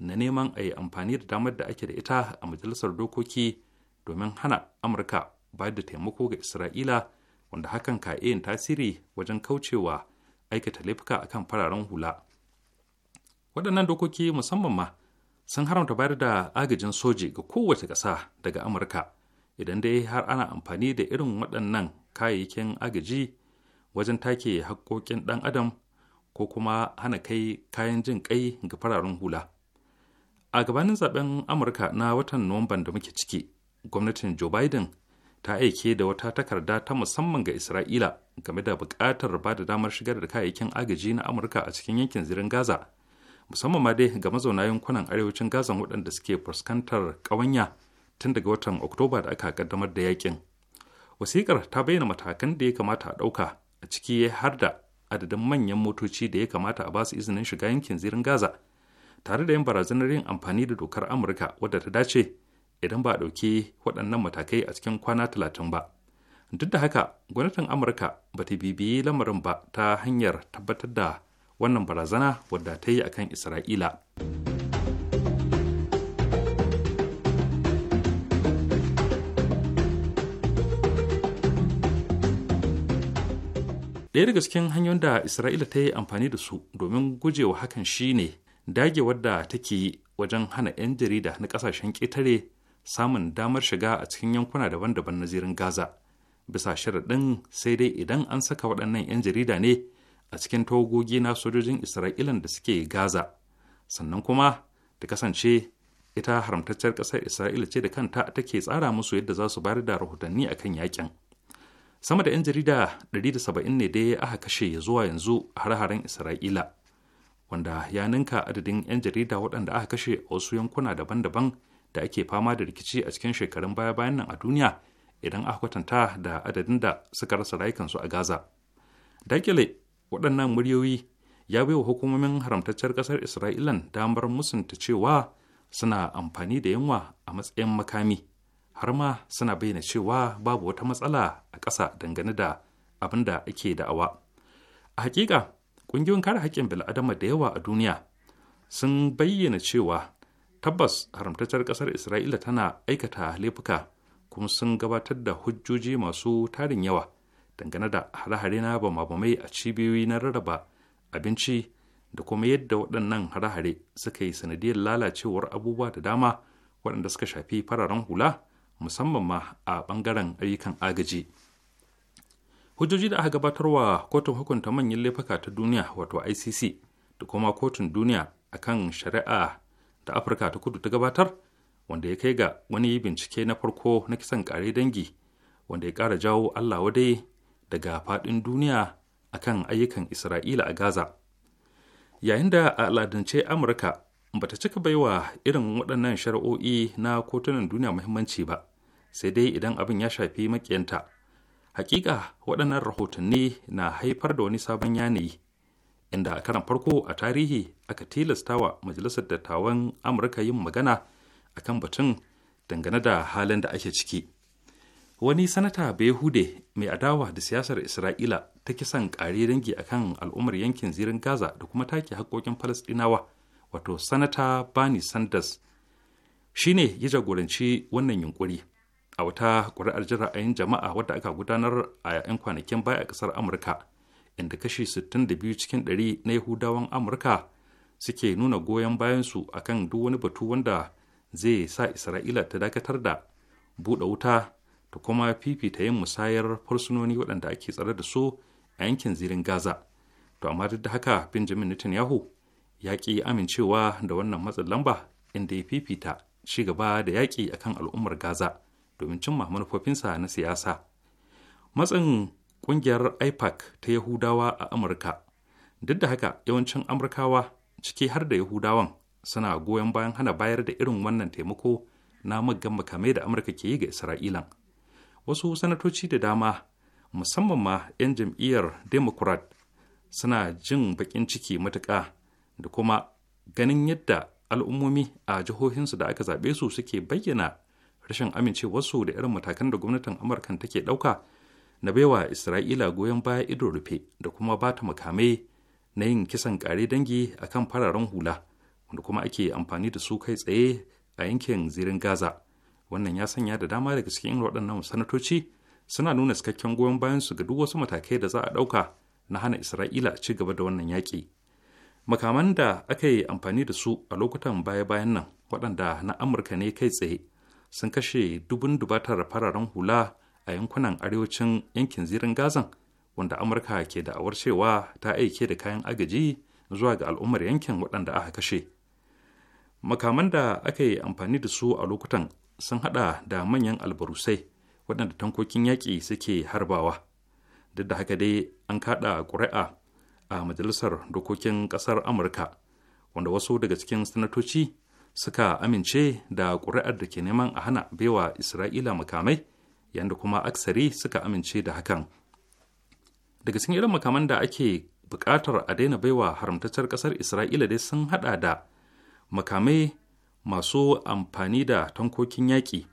D: na neman a yi amfani da damar da ake da ita a majalisar dokoki domin hana amurka bayar da taimako ga isra'ila wanda hakan ka yin tasiri wajen kaucewa aikata laifuka a kan fararen hula waɗannan dokoki musamman ma sun haramta bayar da agajin soji ga kowace ƙasa daga amurka idan dai har ana amfani da irin waɗannan kayayyakin agaji wajen take haƙƙoƙin ɗan adam ko kuma hana kai kayan jin ƙai ga fararen hula a gabanin zaben amurka na watan nuwamban da muke ciki gwamnatin joe biden ta aike da wata takarda ta musamman ga isra'ila game da buƙatar ba da damar shigar da kayayyakin agaji na amurka a cikin yankin zirin gaza musamman ma dai ga mazauna yankunan arewacin gazan waɗanda suke fuskantar ƙawanya tun daga watan oktoba da aka ƙaddamar da yakin wasikar ta bayyana matakan da ya kamata a ɗauka a ciki ya har da adadin manyan motoci da ya kamata a basu izinin shiga yankin zirin gaza tare da yin barazanar yin amfani da dokar amurka wadda ta dace idan ba a ɗauki waɗannan matakai a cikin kwana talatin ba duk da haka gwamnatin amurka ba ta bibiyi lamarin ba ta hanyar tabbatar da wannan barazana wadda ta yi akan isra'ila ɗaya daga cikin hanyoyin da isra'ila ta yi amfani da su domin gujewa hakan shine dagewar da take yi wajen hana 'yan jarida na ƙasashen ƙetare samun damar shiga a cikin yankuna daban-daban na zirin gaza bisa sharaɗin sai dai idan an saka waɗannan 'yan jarida ne a cikin tawagogi na sojojin isra'ilan da suke gaza sannan kuma ta kasance ita haramtacciyar ƙasar isra'ila ce da kanta take tsara musu yadda za su bayar da rahotanni akan yakin sama da 'yan jarida 170 ne dai aka kashe zuwa yanzu a har-haren isra'ila wanda ya ninka adadin 'yan jarida waɗanda aka kashe a wasu yankuna daban-daban da ake fama da rikici a cikin shekarun baya-bayan nan a duniya idan aka kwatanta da adadin da suka rasa rayukansu a gaza dakile waɗannan muryoyi ya baiwa hukumomin haramtaccen ƙasar isra'ilan damar musunta cewa suna amfani da yunwa a matsayin makami har ma suna bayyana cewa babu wata matsala a ƙasa dangane da abin da ake da'awa a haƙiƙa ƙungiyoyin kare haƙƙin bil'adama da yawa a duniya sun bayyana cewa tabbas haramtaccen ƙasar isra'ila tana aikata laifuka kuma sun gabatar da hujjoji masu tarin yawa dangane da hare-hare na bamabamai a cibiyoyi na rarraba abinci da kuma yadda waɗannan hare-hare suka yi sanadiyar lalacewar abubuwa da dama waɗanda suka shafi fararen hula musamman ma a ɓangaren ayyukan agaji hujjoji da aka gabatar wa kotun hukunta manyan laifuka ta duniya wato icc da kuma kotun duniya akan shari'a da afirka ta kudu ta gabatar wanda ya kai ga wani bincike na farko na kisan kare dangi wanda ya ƙara jawo allah wadai daga faɗin duniya akan ayyukan isra'ila a gaza yayin da a al'adance amurka bata cika baiwa irin waɗannan shari'o'i na kotunan duniya muhimmanci ba sai dai idan abin ya shafi makiyanta hakika waɗannan rahotanni na haifar da wani sabon yanayi inda a karan farko a tarihi aka wa majalisar dattawan amurka yin magana akan batun dangane da halin da ake ciki wani sanata hude mai adawa da siyasar isra'ila ta kisan kare dangi akan al'ummar yankin zirin gaza da kuma take haƙƙoƙin falasɗinawa wato sanata bani sanders shi ne ya jagoranci wannan yunkuri a wata ƙuri'ar jin ra'ayin jama'a wadda aka gudanar a 'yan kwanakin baya a ƙasar amurka inda kashi 62 cikin 100 na yahudawan amurka suke nuna goyon bayansu a kan duk wani batu wanda zai sa isra'ila ta dakatar da buɗe wuta ta kuma fifita yin musayar fursunoni waɗanda ake tsare da su a yankin zirin gaza to amma duk da haka benjamin netanyahu ya ƙi amincewa da wannan matsin lamba inda ya fifita ci gaba da yaƙi a kan al'ummar gaza domin cimma manufofinsa na siyasa matsin ƙungiyar ipac ta yahudawa a amurka duk da haka yawancin amurkawa ciki har da yahudawan suna goyon bayan hana bayar da irin wannan taimako na muggan makamai da amurka ke yi ga isra'ilan wasu sanatoci da dama musamman ma 'yan jam'iyyar democrat suna jin baƙin ciki matuƙa da kuma ganin yadda al'ummomi a jihohinsu da aka zaɓe su suke bayyana rashin amincewarsu da irin matakan da gwamnatin amurka take ɗauka na baiwa isra'ila goyon baya ido rufe da kuma ba ta makamai na yin kisan ƙare dangi a kan fararen hula wanda kuma ake amfani da su kai tsaye a yankin zirin gaza wannan ya sanya da dama daga cikin waɗannan sanatoci suna nuna cikakken goyon bayansu ga duk wasu matakai da za a ɗauka na hana isra'ila ci gaba da wannan yaƙi makaman da aka yi amfani da su a lokutan baya-bayan nan waɗanda na amurka ne kai tsaye sun kashe dubun dubatar fararen hula a yankunan arewacin yankin zirin gazan wanda amurka ke da'awar cewa ta aike da kayan agaji zuwa ga al'ummar yankin waɗanda aka kashe makaman da aka yi amfani da su a lokutan sun hada da manyan albarusai waɗanda tankokin yaƙi suke harbawa duk da haka dai an kaɗa ƙuri'a a majalisar dokokin kasar amurka wanda wasu daga cikin sanatoci suka amince da ƙuri'ar da ke neman a hana baiwa isra'ila makamai yadda kuma aksari suka amince da hakan daga cikin irin makaman da ake buƙatar a daina baiwa haramtaccen ƙasar isra'ila dai sun haɗa da makamai masu amfani da tankokin yaƙi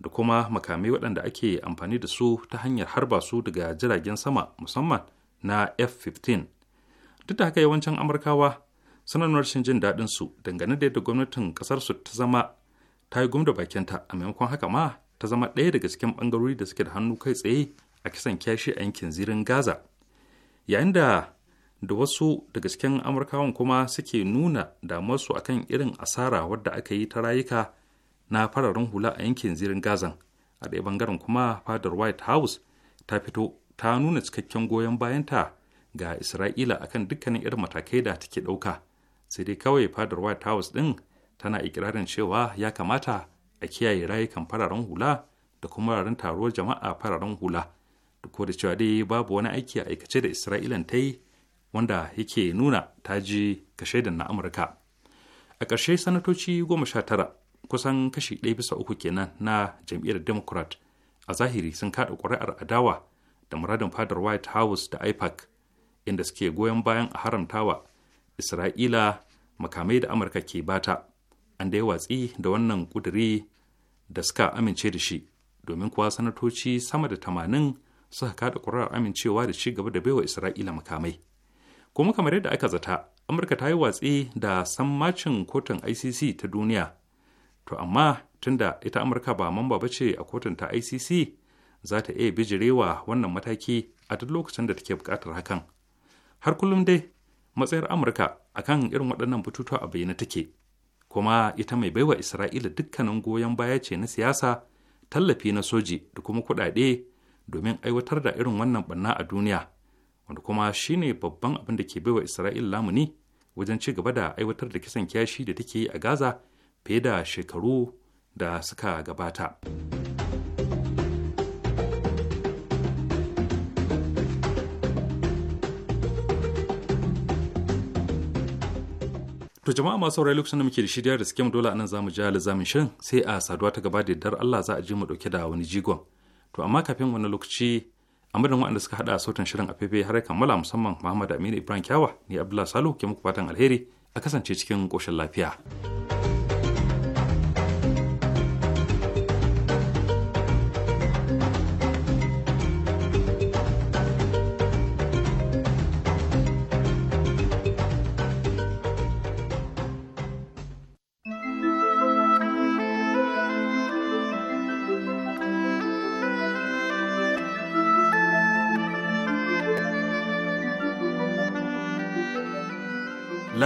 D: da kuma makamai waɗanda ake amfani da su ta hanyar harba su daga jiragen sama musamman na f-15 duk da haka yawancin amurkawa sanarwar shin jin daɗin su dangane da yadda gwamnatin ƙasar su ta zama ta yi gumda bakinta a maimakon haka ma ta zama ɗaya daga cikin ɓangarori da suke da hannu kai tsaye a kisan kyashi a yankin zirin gaza yayin da da wasu daga cikin amurkawan kuma suke nuna damarsu akan irin asara wadda aka yi ta rayuka na fararen hula a yankin zirin gazan a ɗaya bangaren kuma fadar white house ta fito ta nuna cikakken goyon bayanta ga isra'ila akan dukkanin irin matakai da take ɗauka sai dai kawai fadar white house ɗin tana ikirarin cewa ya kamata a kiyaye rayukan fararen hula da kuma wuraren taro jama'a fararen hula duk da cewa dai babu wani aiki a aikace da isra'ilan ta yi wanda yake nuna ta ji kashedan na amurka a ƙarshe sanatoci goma sha tara kusan kashi ɗaya bisa uku kenan na jam'iyyar democrat a zahiri sun kaɗa ƙuri'ar adawa da muradin fadar white house da ipac inda suke goyon bayan a haramtawa isra'ila makamai da amurka ke bata an da watsi da wannan ƙuduri da suka amince da shi domin kuwa sanatoci sama da tamanin suka kada ƙwararra amincewa da ci gaba da baiwa isra'ila makamai kuma kamar yadda aka zata amurka ta yi watsi da sammacin kotun icc ta duniya to amma tunda ita amurka ba mamba ba ce a kotun ta icc za ta iya bijirewa wannan mataki a duk lokacin da take bukatar hakan har kullum dai matsayar amurka akan irin waɗannan batutuwa a bayyana take kuma ita mai baiwa isra'ila dukkanin goyon baya ce na siyasa tallafi na soji da kuma kuɗaɗe domin aiwatar da irin wannan ɓanna a duniya wanda kuma shine babban abin da ke baiwa isra'ila lamuni wajen ci gaba da aiwatar da kisan kyashi da take yi a gaza fiye da shekaru da suka gabata. To jama'a masu saurayi lokacin da muke da shirya da suke dole anan zamu ji alizamin shin sai a saduwa ta gaba da yardar Allah za a ji mu dauke da wani jigon. To amma kafin wani lokaci a madadin waɗanda suka hada sautin shirin a fefe har kammala musamman Muhammad Aminu Ibrahim Kyawa ni Abdullahi Salo ke muku fatan alheri a kasance cikin koshin lafiya.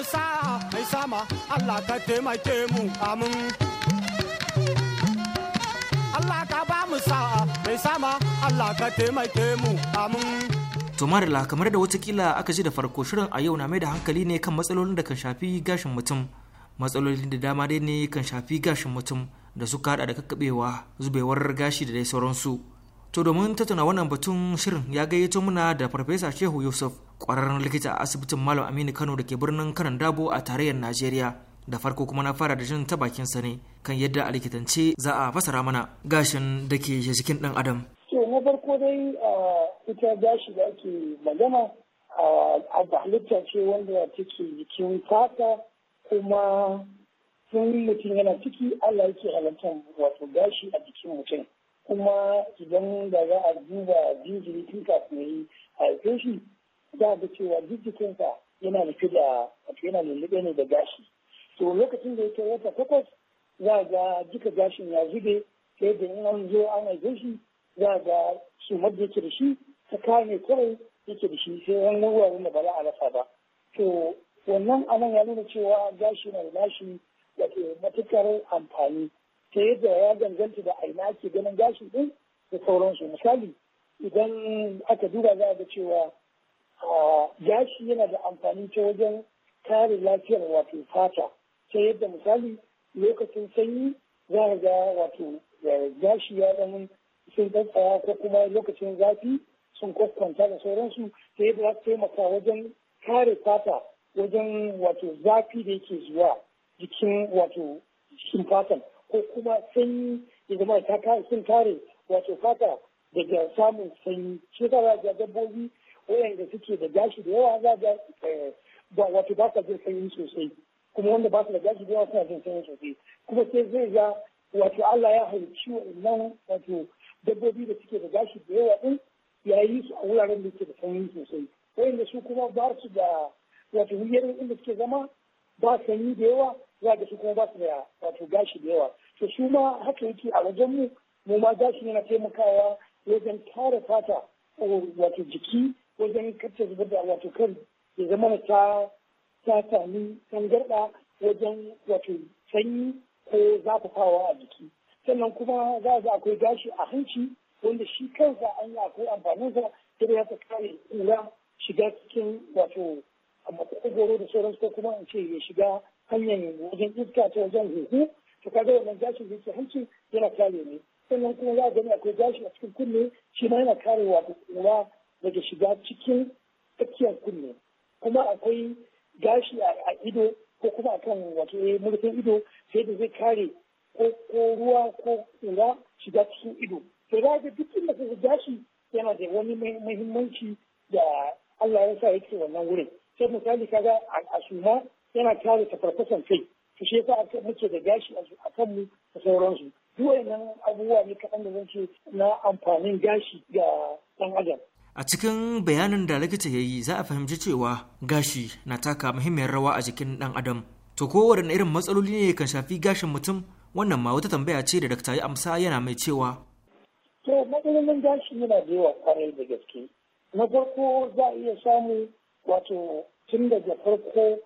E: mu sa mai sama Allah ka taimake mu amin Allah ka ba mu sa mai sama Allah ka taimake mu amin
C: To kamar da watakila aka ji da farko shirin a yau na mai da hankali ne kan matsalolin da kan shafi gashin mutum. Matsalolin da dama dai ne kan shafi gashin mutum da suka hada da kakkaɓewa zubewar gashi da dai sauransu. To domin tattauna wannan batun shirin ya gayyato muna da Farfesa Shehu Yusuf ƙwararren likita a asibitin Malam Aminu Kano da ke birnin Kanon Dabo a tarayyar Najeriya. Da farko kuma na fara da jin ta bakin sa ne kan yadda a likitance za a fasara mana gashin da ke jikin ɗan adam.
F: To na farko dai ita gashi da ake magana a halitta ce wanda take jikin fata kuma sun mutum yana ciki Allah yake halartar wato gashi a jikin mutum. kuma idan da za a duba jinjiri tun kafin yi haife shi za ga cewa jijikinsa yana rufe da wato yana lullube ne da gashi to lokacin da ya wata takwas za a ga duka gashin ya zube sai da in an zo an haife shi za a ga su madda yake da shi ta kame kawai yake da shi sai wani wuraren da ba za a rasa ba to wannan anan ya nuna cewa gashi na da gashi wato matukar amfani ta yadda ya ganganta da aina ake ganin gashi din da sauransu misali idan aka duba za a ga cewa gashi yana da amfani ta wajen kare lafiyar wato fata ta yadda misali lokacin sanyi za a ga wato gashi ya ɗan sun tsaya ko kuma lokacin zafi sun kwakwanta da sauransu ta yadda za su taimaka wajen kare fata wajen wato zafi da yake zuwa jikin wato jikin fatan ko kuma sanyi ya zama sun kare wato fata daga samun sanyi shi ta za ga dabbobi wayanda suke da gashi da yawa za ga eh, ba wato ba sa jin sanyi sosai kuma wanda ba su da gashi da yawa suna jin sanyi sosai kuma sai zai ga wato Allah ya halicci wannan wato dabbobi da suke da gashi da yawa din ya yi su a wuraren da suke da sanyi sosai wayanda su kuma ba su da wato wuyarin inda suke zama ba sanyi da yawa za ga su kuma ba su da wato gashi da yawa to su ma haka yake a wajen mu mu ma gashi yana taimakawa wajen kare fata wato jiki wajen kacce zubar da wato kan ya zama ta ta sami tangarɗa wajen wato sanyi ko zafafawa a jiki sannan kuma za a akwai gashi a hanci wanda shi kansa an yi akwai amfaninsa da ya ta kare kula shiga cikin wato makogoro da sauransu ko kuma in ce ya shiga hanyar wajen iska ta wajen huhu kaga wannan gashin da yake hanci yana kare ne sannan kuma za a gani akwai gashi a cikin kunne shi ma yana karewa da kura daga shiga cikin tsakiyar kunne kuma akwai gashi a ido ko kuma akan wato eh, murfin ido sai da zai kare ko ruwa ko kura shiga cikin ido to za ga duk inda kaga gashi yana da wani muhimmanci da Allah ya sa yake wannan wurin sai misali kaga a suma yana kare tafarfasan kai su shi yasa muke da gashi a kan mu da sauransu nan abubuwa ne kaɗan da zan na amfanin gashi ga ɗan adam
C: a cikin bayanin da likita ya yi za a fahimci cewa gashi na taka muhimmiyar rawa a jikin ɗan adam to kowane irin matsaloli ne kan shafi gashin mutum wannan ma wata tambaya ce da dakta ya amsa yana mai cewa
F: to matsalolin gashi yana da yawa kwarai da gaske na farko za a iya samu wato tun daga farko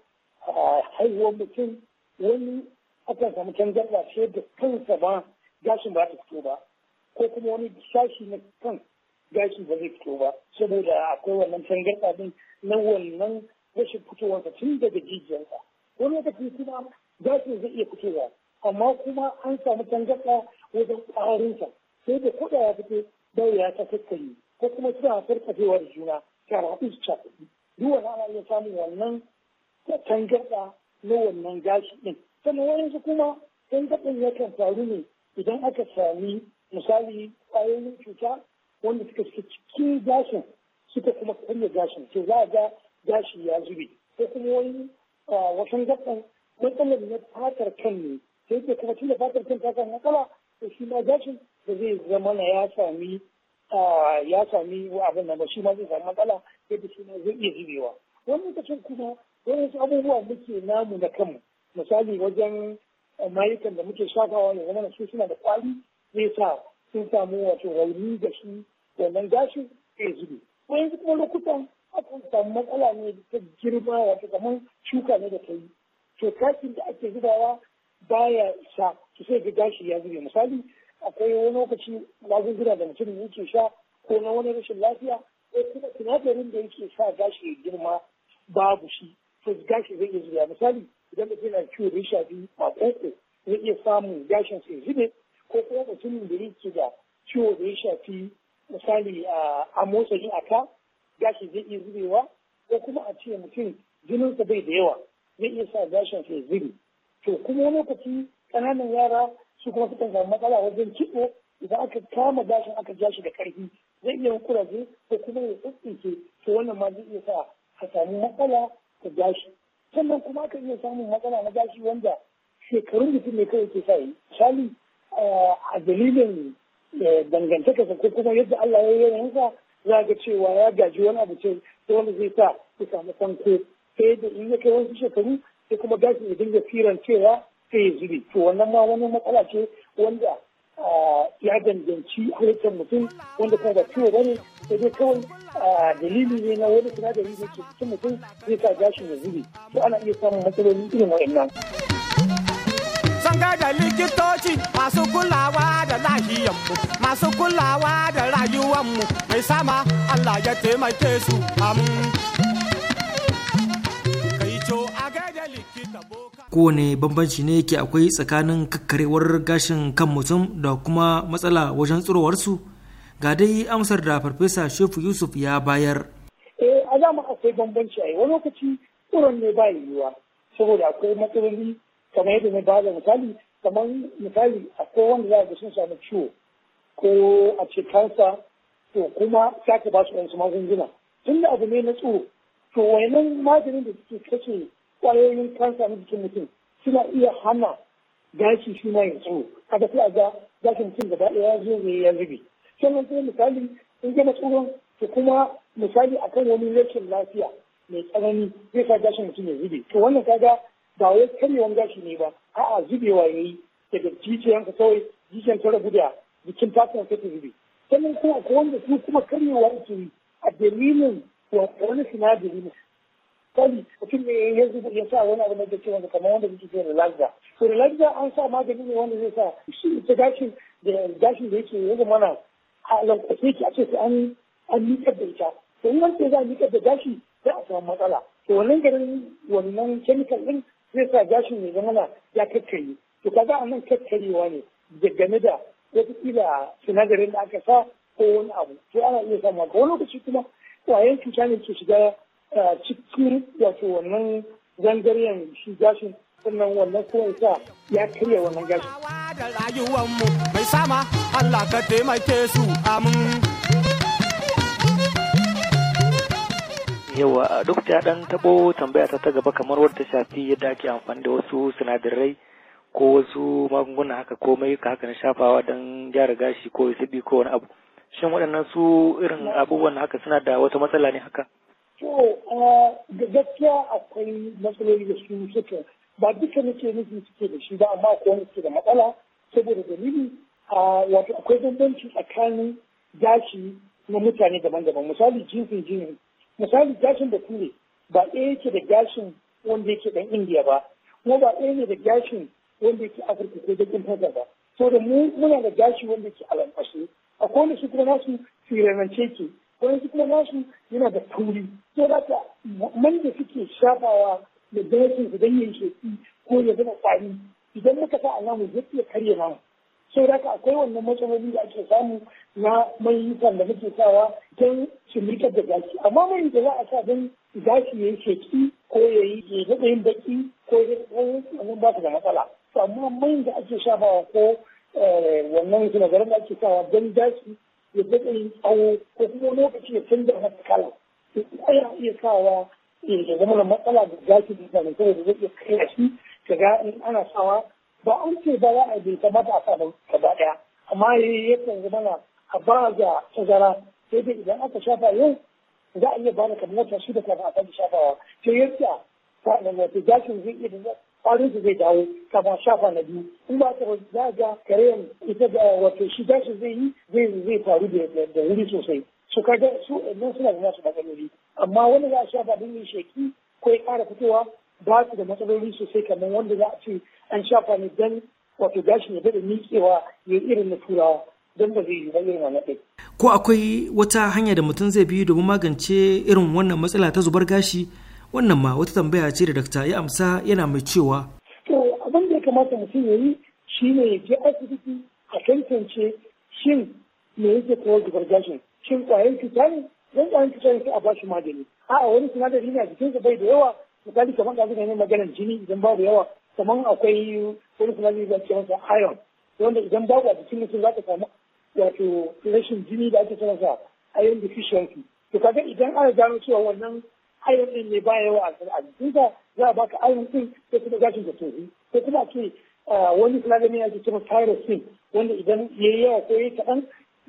F: a haihuwar mutum wani akan samu canjar ba sai da kansa ba gashin ba ta fito ba ko kuma wani sashi na kan gashi ba zai fito ba saboda akwai wannan ba din na wannan rashin fitowarsa tun daga jijiyarsa wani fi kuma gashin zai iya fitowa amma kuma an samu ba wajen ƙwarinsa sai da kuɗa ya fito da ya ta kakkari ko kuma suna farfafewar juna ta haɗu su duk wani ana iya samun wannan cangarɗa na wannan gashi din sannan wayansu kuma gangaɗin yakan faru ne idan aka sami misali ƙwayoyin cuta wanda suka suke cikin gashin suka kuma karya gashin to za a ga gashi ya zube ko kuma wani wasan gaɓan matsalar na fatar kan ne sai ke kuma tunda fatar kan ta kan matsala to shi ma gashin da zai zama na ya sami ya sami abin nan ba shi ma zai sami matsala yadda shi ma zai iya zubewa wani lokacin kuma don wasu abubuwa muke namu na kanmu misali wajen eh, mayukan da muke shafawa ya zama su suna da kwali zai sa sun samu wato rauni da shi wannan gashi zai zube ko yanzu kuma lokutan akan samu matsala ne ta girma wato kamar shuka ne da ta yi to kashin da ake zubawa baya sa su sai ga gashi ya zube misali akwai wani lokaci magunguna da mutum yake sha ko na wani rashin lafiya ko kuma sinadarin da yake sa gashi ya girma babu shi sai gashi zai iya zuwa misali idan mutum yana ciwo da ya shafi makoko zai iya samun gashin sai zube ko kuma mutumin da yake da ciwo da ya shafi misali a motsa a ka gashi zai iya zubewa ko kuma a ce mutum jininsa bai da yawa zai iya sa gashin sai zube to kuma lokaci ƙananan yara su kuma sukan samu matsala wajen kitso idan aka kama gashin aka ja da karfi zai iya kuraje ko kuma ya ke to wannan ma zai iya sa ka samu matsala ta gashi sannan kuma ka iya samun matsala na gashi wanda shekarun mutum ne kawai ke sa yi misali eh, a dalilin eh, dangantaka ko kuma yadda Allah ya yi sa za ga cewa ya gaji wani abu ce wanda zai sa ku samu fanko sai da in ya kai wasu shekaru sai kuma gashi ya dinga firan cewa sai ya zube to wannan ma wani matsala ce wanda ya danganci halittar mutum wanda kuma ba ciwo ba ne sai dai kawai dalili ne na wani sinadari da ke cikin mutum zai sa gashin ya zube to ana iya samun matsaloli irin wa'annan.
E: Sun da likitoci masu kulawa da lahiyanmu masu kulawa da rayuwanmu mai sama Allah ya taimake su amu. Kai co a gaida likita bo.
C: kowane bambanci ne ke akwai tsakanin kakkarewar gashin kan mutum da kuma matsala wajen tsirowarsu ga dai amsar da farfesa shefu yusuf ya bayar
F: eh a zama akwai bambanci a wani lokaci tsoron ne ba yiwuwa saboda akwai matsaloli kamar yadda na ba da misali kamar misali akwai wanda za ga sun samu ciwo ko a ce kansa to kuma sake ba su wasu magunguna tun da abu ne na tsoro to wayannan maganin da suke kashe kwayoyin kansa na jikin mutum suna iya hana gashi suna ma ya tsoro sai a ga gashin mutum gaba ɗaya ya zo ya zube sannan kuma misali in gama tsoron to kuma misali akan wani rashin lafiya mai tsanani zai sa gashin mutum ya zube to wannan kaga ba wai karyewan gashi ne ba a'a zubewa yayi daga jijiyansa kawai jijiyan ta rabu da jikin ta sai ta zube sannan kuma ko wanda su kuma karyewa ke yi a dalilin wani sinadari misali mutum ne ya zuba ya sa wani abu na da cewa kamar wanda kuke ce relaxer to relaxer an sa magani ne wanda zai sa shi ta gashin da gashin da yake yanzu mana a lankwasa yake a ce sai an an miƙar da ita to in wani za a miƙar da gashi za a samu matsala to wannan garin wannan chemical din zai sa gashin ne zama na ya kakkare to kaga a nan kakkarewa ne game da wataƙila sinadarin da aka sa ko wani abu to ana iya samu ga wani lokaci kuma kwayan cuta ne ke shiga cikin wato wannan zangaren shi gashin sannan wannan kuma sa ya karya wannan gashin.
E: da mu mai sama Allah ka
C: taimake su amin. yawa duk da dan tabo tambaya ta ta gaba kamar wadda shafi yadda ake amfani da wasu sinadarai ko wasu magunguna haka ko mai haka na shafawa don gyara gashi ko sibi ko wani abu shin waɗannan su irin abubuwan haka suna da wata matsala ne haka
F: To, da uh, gaskiya akwai matsaloli da su suka ba duka nake nufin suke da shi ba amma akwai wani suke da matsala saboda dalili wato akwai bambanci tsakanin gashi na mutane daban-daban misali jinsin jini misali gashin da kure ba ɗaya yake da gashin wanda yake ɗan indiya ba kuma ba ɗaya ne da gashin wanda yake afirka ko bakin fata ba so da mu muna da gashi wanda yake alamfashe akwai wanda su kuma nasu firanance ke wani kuma nasu yana da tauri so da ta man da suke shafawa da daikin su don yin ko ya zama kwari idan muka sa alamu zai iya karye ma so da akwai wannan matsaloli da ake samu na mayukan da muke sawa don shimrikar da gashi amma mai da za a sa don gashi ya yi ko ya yi yin baki ko ya wannan ba su da matsala amma mai da ake shafawa ko eh, wannan sinadaran da ake sawa don gashi ya daɗa yin tsawo ko kuma lokaci ya canza masa kala to iya sawa ya zama da matsala da zaki da zai saboda zai iya kai shi kaga in ana sawa ba an ce ba za a bai kamata a sa gaba ɗaya amma yakan zama na a ba da tazara sai dai idan aka shafa yau za a iya ba da kamar wata shida kafin a sake shafawa sai yadda sa'an wata gashin zai iya kwarin su zai dawo kama shafa na biyu in ba ta za ga karen ita da wato shi gashi zai yi zai zai faru da wuri sosai su kaga su nan suna da nasu matsaloli amma wani za a shafa don yin sheki ko ya kara fitowa ba su da matsaloli sosai kamar wanda za a ce an shafa ne dan wato gashin ya bada miƙewa ya irin na turawa don ba zai yi ba irin ɗaya.
C: Ko akwai wata hanya da mutum zai bi domin magance irin wannan matsala ta zubar gashi wannan ma wata tambaya ce da dakta ya amsa yana mai cewa
F: to abin da ya kamata mutum ya yi shine ya je asibiti a tantance shin me yake kawar da gashin shin kwayan cuta ne don kwayan cuta ne sai a bashi magani a'a wani sinadari ne a jikinsa bai da yawa misali kamar da ne maganar jini idan babu yawa kamar akwai wani sinadari da ake masa iron wanda idan babu a jikin mutum za ta samu wato rashin jini da ake sanarsa iron deficiency to kaga idan ana gano cewa wannan ayon ne ba yawa a shari'a jikin za a baka ayon ɗin kuma gashin da tofi ko kuma ce wani sinadari ya ke kuma tyrosine wanda idan ya yi yawa ko ya yi kaɗan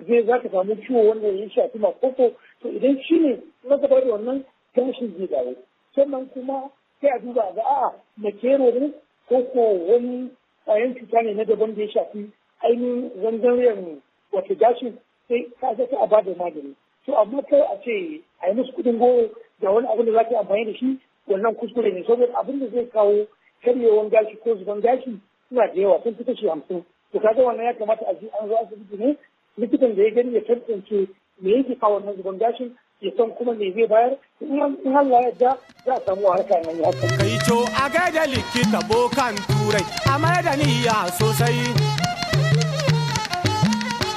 F: zai za ka samu ciwo wanda ya shafi makoko to idan shi ne na gaba wannan gashin zai dawo sannan kuma sai a duba ga a'a na kero ne ko ko wani ƙwayan cuta ne na daban da ya shafi ainihin zangariyar wata gashin sai ka zata a bada magani to amma kai a ce a yi musu kuɗin goro da wani abin da za ka amfani da shi wannan kuskure ne saboda abin da zai kawo karyewan gashi ko zuban gashi suna da yawa sun fi kashi hamsin to kaga wannan ya kamata a ji an zo asibiti ne likitan da ya gani ya tantance me yake kawo wannan zuban gashin ya san kuma me zai bayar in Allah ya yadda za a samu harka nan ya ta.
E: Kai to a da likita bokan turai a da niyya sosai.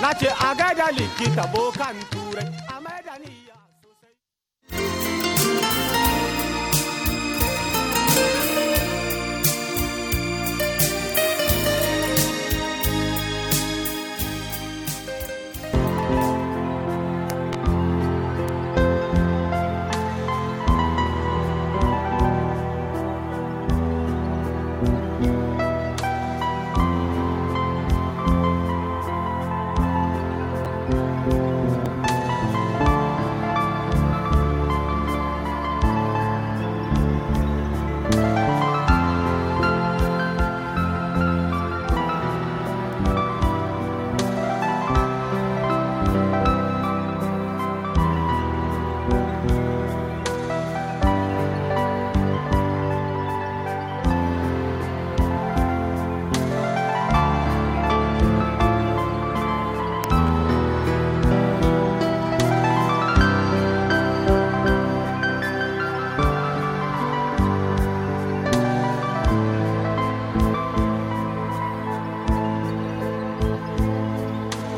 E: Na ce a gaida likita bokan turai.